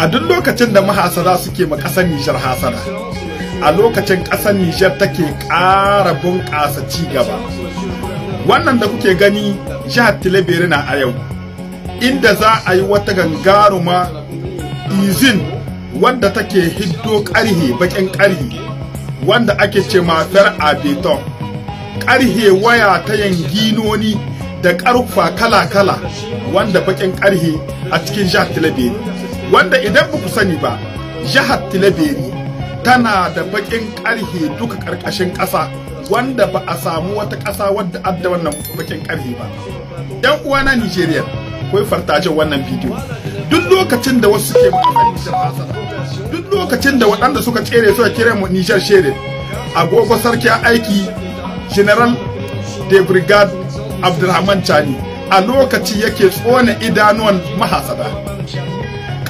a duk lokacin da mahasara suke ma ƙasar Nijar hasara a lokacin ƙasar Nijar take ƙara bunƙasa ci gaba wannan da kuke gani jihar tilibiri na a yau inda za a yi wata gangaruma izin wanda take hiddo ƙarhe baƙin ƙarhe wanda ake ce matar abeton ƙarhe waya ta yanginoni da ƙarfa kala-kala wanda baƙin ƙarhe a cikin jihar tilibiri wanda idan ba ku sani ba jihar tilaberi tana da bakin karhe duka karkashin ƙasa wanda ba a samu wata ƙasa wadda adda wannan bakin karhe ba yan uwa na nigeria kai fartajin wannan bidiyo duk lokacin da wasu ke mutane nijar duk lokacin da waɗanda suka tsere suka kira mu nijar shere agogo sarki aiki general de brigade abdulrahman chani a lokaci yake tsone idanuwan mahasada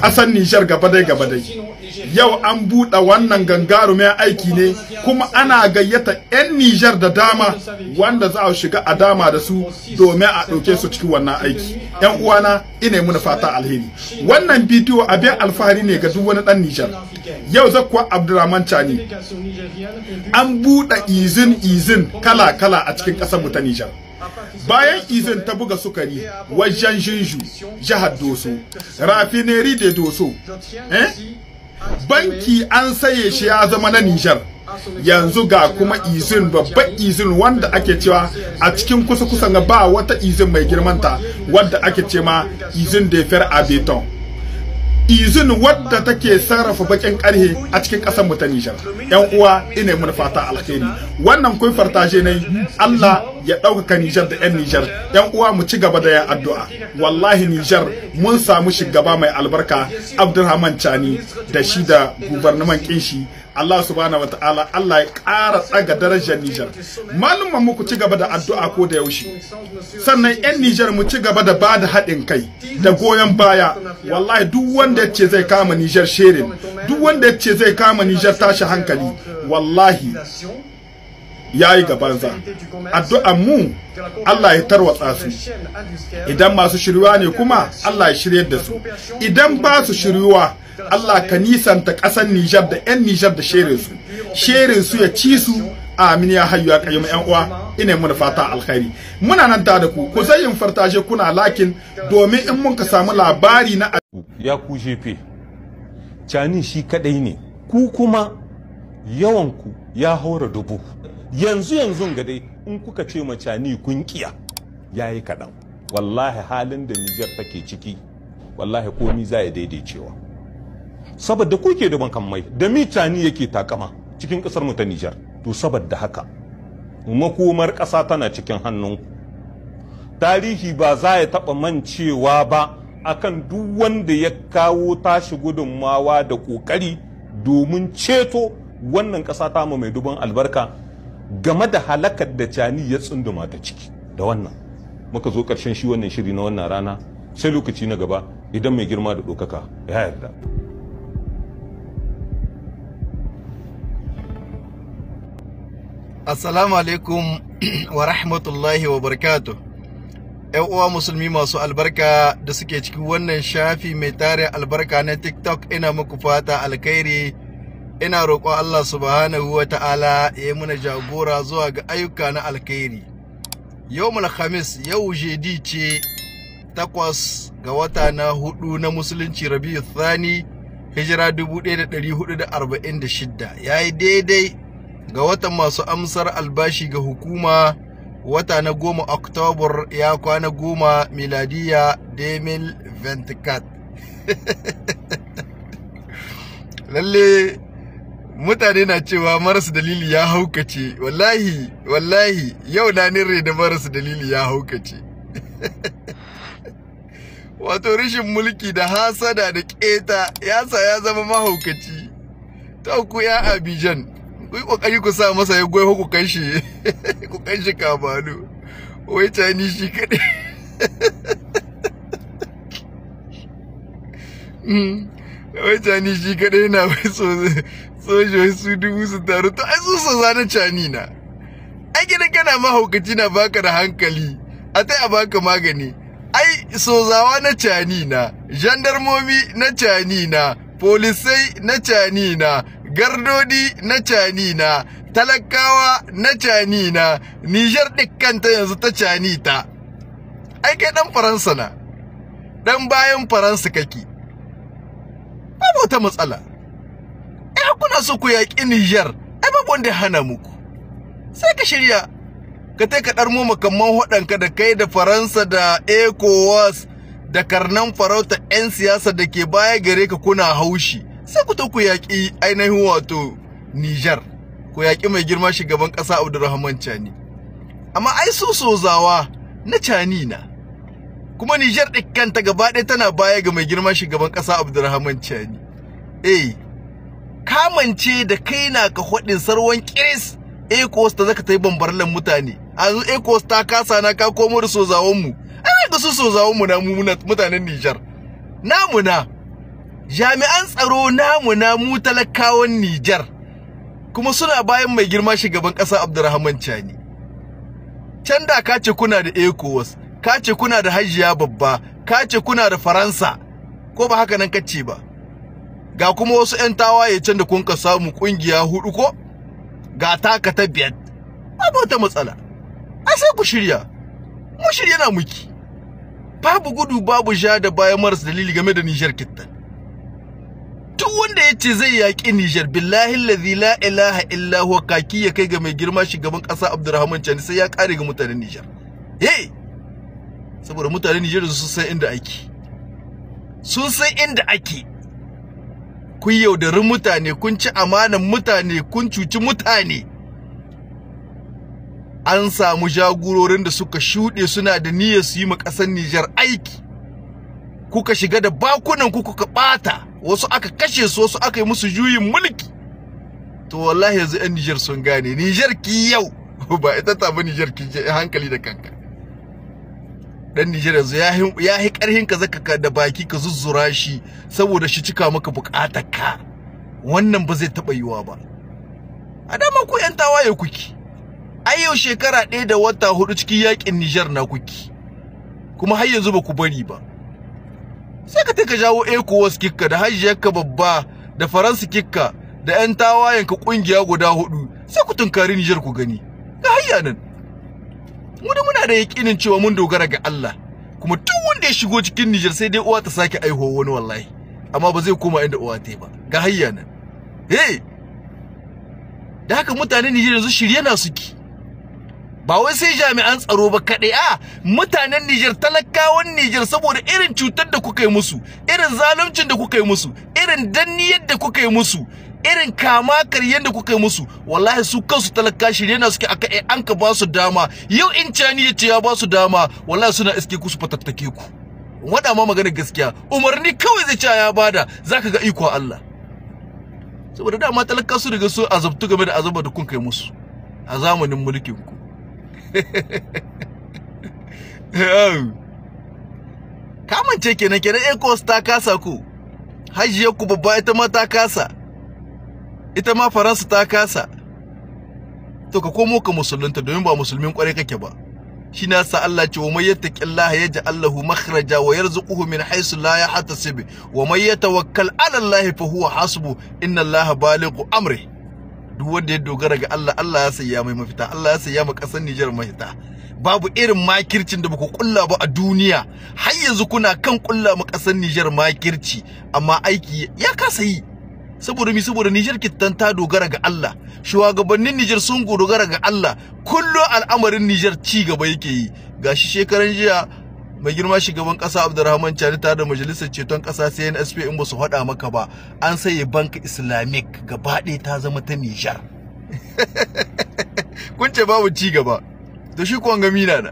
ƙasar Nijar gaba dai gaba dai yau an buɗe wannan gangarumin aiki ne kuma ana gayyata 'yan Nijar da dama wanda za a shiga a dama da su domin a ɗauke su cikin wannan aiki 'yan uwana ina muna fata alheri wannan bidiyo abin alfahari ne ga duk wani ɗan Nijar yau kuwa Abdulrahman Chani an buɗe izin izin kala kala a cikin ƙasar mu ta Nijar bayan izin ta buga sukari wajen jinju jihar doso rafineri de doso eh? banki an saye shi ya zama na nijar yanzu ga kuma izin babban izin wanda ake cewa a cikin kusa-kusa ba wata izin mai girmanta wanda ake ce ma izin da ya a beton izin wadda take sarrafa bakin karhe a cikin kasar mu ta Nijar yan uwa ina mun fata alheri wannan kun fartaje ne Allah ya ɗaukaka Nijar da yan Nijar yan uwa mu ci gaba da yin addu'a wallahi Nijar mun samu shugaba mai albarka Abdulrahman Chani da shi da gubernaman kinshi Allah subhanahu wataala Allah ya ƙara tsaga darajar Niger malaman mu ku ci gaba da addu'a ko da yaushe sannan yan Niger mu ci gaba da bada haɗin kai da goyon baya wallahi duk wanda yace zai kama Niger sherin duk wanda ce zai kama Niger tashi hankali wallahi yayi gabanza addu'an mu Allah ya tarwatsa su idan masu shiryuwa ne kuma Allah ya shiryar da su idan ba su shiryuwa Allah ka nisanta ƙasar Nijar da 'yan Nijar da sherin su sherin su ya ci su amin ya hayu ya kayyum yan uwa ina muna fata alkhairi muna nan da ku ku zai yin fartaje kuna lakin domin in mun ka samu labari na ya ku jefe cani shi kadai ne ku kuma yawan ku ya haura dubu yanzu yanzu ga dai in kuka ce ma cani kun kiya yayi kadan wallahi halin da Niger take ciki wallahi komi za ya daidaicewa saboda kuke da bankan mai da mita ni yake takama cikin kasar mu ta Nijar to saboda haka makomar ƙasa tana cikin hannun tarihi ba za ya taɓa mancewa ba akan duk wanda ya kawo tashi gudunmawa da ƙoƙari domin ceto wannan ƙasa ta mu mai duban albarka game da halakar da cani ya tsunduma ta ciki da wannan muka zo karshen shi wannan shiri na wannan rana sai lokaci na gaba idan mai girma da ɗaukaka ya yarda. Assalamu alaikum wa rahmatullahi wa barakatu. ‘Yan uwa musulmi masu albarka da suke cikin wannan shafi mai tare albarka na TikTok ina muku fata alkhairi ina roƙon Allah subhanahu wa ta'ala ya yi mana jagora zuwa ga ayyuka na alkhairi. Yau Khamis yau jedi ce takwas ga wata na hudu na musulunci Rabi'u Thani hijira 1446 ya yi daidai ga watan masu amsar albashi ga hukuma wata na goma oktobar ya kwana goma miladiya demil ventikat lalle mutane na cewa maras dalili ya haukace wallahi wallahi yau na nire da maras dalili ya haukace wato rishin mulki da hasada da keta yasa ya zama mahaukaci ta ku ya abijan ku yi kokari ku sa masa ya goyo ku kai shi ku kai shi kabalu wai ni shi kadai wai ni shi kadai na wai sojoji su dubu su taru to ai su su zana cani na ai gidan kana mahaukaci na baka da hankali a tai a baka magani ai sozawa na cani na gendarmomi na cani na polisai na cani na gardodi na cani na talakawa na cani na nijar kanta yanzu ta cani ta ai kai dan faransa na dan bayan faransa kake babu wata matsala eh kuna so ku yaƙi nijar ai babu wanda hana muku sai ka shirya ka tai ka ɗarmo makamman waɗanka da kai da faransa da ecowas da karnan farauta 'yan siyasa da ke baya gare ka kuna haushi sai ku ta ku yaƙi ainihin wato Nijar ku yaƙi mai girma shugaban ƙasa Abdulrahman Chani amma ai su sozawa na Chani na kuma Nijar ɗin kanta gaba ɗaya tana baya ga mai girma shugaban ƙasa Abdulrahman Chani eh kamance da kai na ka haɗin sarwan kiris ecos eh, ta zaka ta yi bambarlan mutane a yanzu ecos eh, ta kasa na ka komo da sozawanmu, mu ai ga su sozawan mu na mutanen Nijar namu na jami'an tsaro namu na mu talakawan Nijar kuma suna bayan mai girma shugaban ƙasa Abdurrahman Chani can da ka ce kuna da ECOWAS ka ce kuna da Hajiya babba ka ce kuna da Faransa ko ba haka nan kace ba ga kuma wasu 'yan tawaye can da kun ka samu kungiya hudu ko ga taka ta biyar babu wata matsala ai sai ku shirya mu shirya na muki babu gudu babu sha da bayan maras dalili game da Nijar kitan duk wanda ya ce zai yaƙi Nijar billahi allazi la ilaha illa huwa kaki ya kai ga mai girma shugaban ƙasa Abdulrahman Chani sai ya ƙare ga mutanen Nijar hey saboda mutanen Nijar sun san inda ake sun san inda ake kun yaudarin mutane kun ci amanan mutane kun cuci mutane an samu jagororin da suka shuɗe suna da niyyar su yi ma ƙasar Nijar aiki kuka shiga da bakunan ku kuka ɓata wasu aka kashe su wasu aka yi musu juyin mulki to wallahi yanzu yan Nijar sun gane Nijar ki yau ba ita ta ba Nijar ki hankali da kanka dan Nijar yanzu ya hi karhin ka zaka da baki ka zuzzura shi saboda shi cika maka bukatar ka wannan ba zai taba yiwa ba a dama ku yan tawaye kuki ai yau shekara ɗaya da wata hudu cikin yakin Nijar na kuki kuma har yanzu ba ku bari ba sai ka taka jawo ECOWAS kikka da hajjiyarka babba da Faransa kikka da 'yan tawayen ka kungiya guda hudu sai ku tunkari Nijar ku gani ga hayya nan mu da muna da yakinin cewa mun dogara ga Allah kuma duk wanda ya shigo cikin Nijar sai dai uwa ta sake aiho wani wallahi amma ba zai koma inda uwa ta yi ba ga hayya nan eh da haka mutanen Nijar yanzu shirye na suke ba wai sai jami'an tsaro ba kaɗai a mutanen Nijar talakawan Nijar saboda irin cutar da kuka yi musu irin zaluncin da kuka yi musu irin danniyar da kuka yi musu irin kama karyen da kuka yi musu wallahi su kansu talaka shirye na suke aka ai eh, an ka ba su dama yau in cani ya ya ba su dama wallahi suna iske ku su fatattake ku wada ma maganar gaskiya umarni kawai zai ce ya bada zaka ga iko Allah saboda dama talaka su daga su azabtu game da azabar da kun kai musu a zamanin mulkin ku kamance kenan kenan ecos ta kasa ku hajiyar ku babba ita ma ta kasa ita ma faransa ta kasa to ka komo ka musulunta domin ba musulmin kwarai kake ba shi na sa Allah ce wa mai yattaqillaha ya Allah makhraja wa yarzuquhu min haisu la ya yahtasib wa may yatawakkal 'ala Allah fa huwa hasbu inna Allah balighu amri duk wanda ya dogara ga Allah Allah ya saya mai mafita Allah ya saya mu kasar Niger mafita babu irin makircin da baku kulla ba a duniya har yanzu kuna kan kulla mu kasar Niger makirci amma aiki ya kasa yi saboda mi saboda Niger kittan ta dogara ga Allah shugabannin Niger sun dogara ga Allah kullu al'amarin Niger ci gaba yake yi gashi shekaran jiya mai girma shugaban kasa abdurrahman chani ta da majalisar ceton kasa cnsp in ba su hada maka ba an sayi bank islamic gaba ɗaya ta zama ta nijar kun ce babu ci gaba to shi kuwan gamina na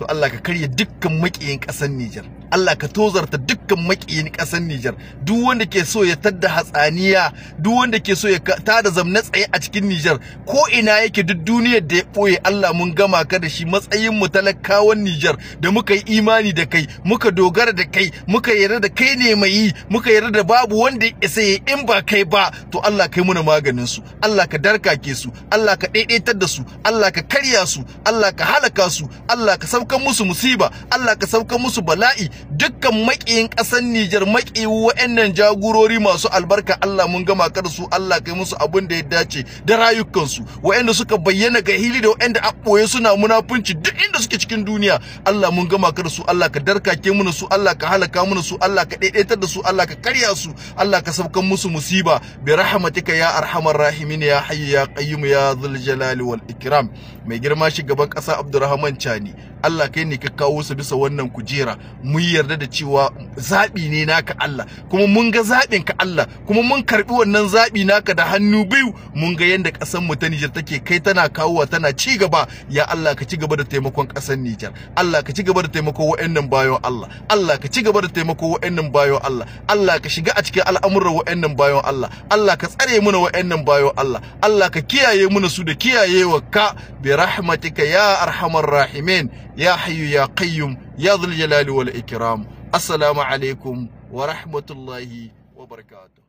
to allah ka karya dukkan maƙiyin ƙasar nijar Allah ka tozarta dukkan makiyin ƙasar Nijar duk wanda ke so ya tadda hatsaniya duk wanda ke so ya tada zamna tsaye a cikin Nijar ko ina yake duk duniyar da ya ɓoye. Allah mun gama ka da shi matsayin mu talakawan Nijar da muka yi imani da kai muka dogara da kai muka yarda da kai ne mai yi muka yarda da babu wanda ya isa ya in ba kai ba to Allah kai muna maganin su Allah ka darkake su Allah ka daidaitar da su Allah ka karya su Allah ka halaka su Allah ka sauka musu musiba Allah ka sauka musu bala'i dukkan makiyin ƙasar Nijar maki wa'annan jagurori masu albarka Allah mun gama da su Allah kai musu abin da ya dace da rayukansu wa'anda suka bayyana ga hili da wa'anda a ɓoye suna munafunci duk inda suke cikin duniya Allah mun gama da su Allah ka darkake mana su Allah ka halaka mana su Allah ka daidaitar da su Allah ka karya su Allah ka sauka musu musiba bi rahmatika ya arhamar rahimin ya hayyu ya qayyum ya dhul jalali wal ikram mai girma shugaban ƙasa Abdurrahman Chani Allah kai ne ka kawo su bisa wannan kujera mu yarda da cewa zabi ne naka Allah kuma mun ga zabin ka Allah kuma mun karbi wannan zabi naka da hannu biyu mun ga yanda kasar mu ta Niger take kai tana kawowa tana ci gaba ya Allah ka ci gaba da taimakon kasar Niger Allah ka ci gaba da taimako wa'annan bayo Allah Allah ka ci gaba da taimako wa'annan bayo Allah Allah ka shiga a cikin al'amuran wa'annan bayo Allah Allah ka tsare mana wa'annan bayo Allah Allah ka kiyaye mana su da kiyayewa ka bi rahmatika ya arhamar rahimin ya hayyu ya qayyum ya dhul jalali wal ikiram assalamu alaikum wa rahmatullahi wa barakatuh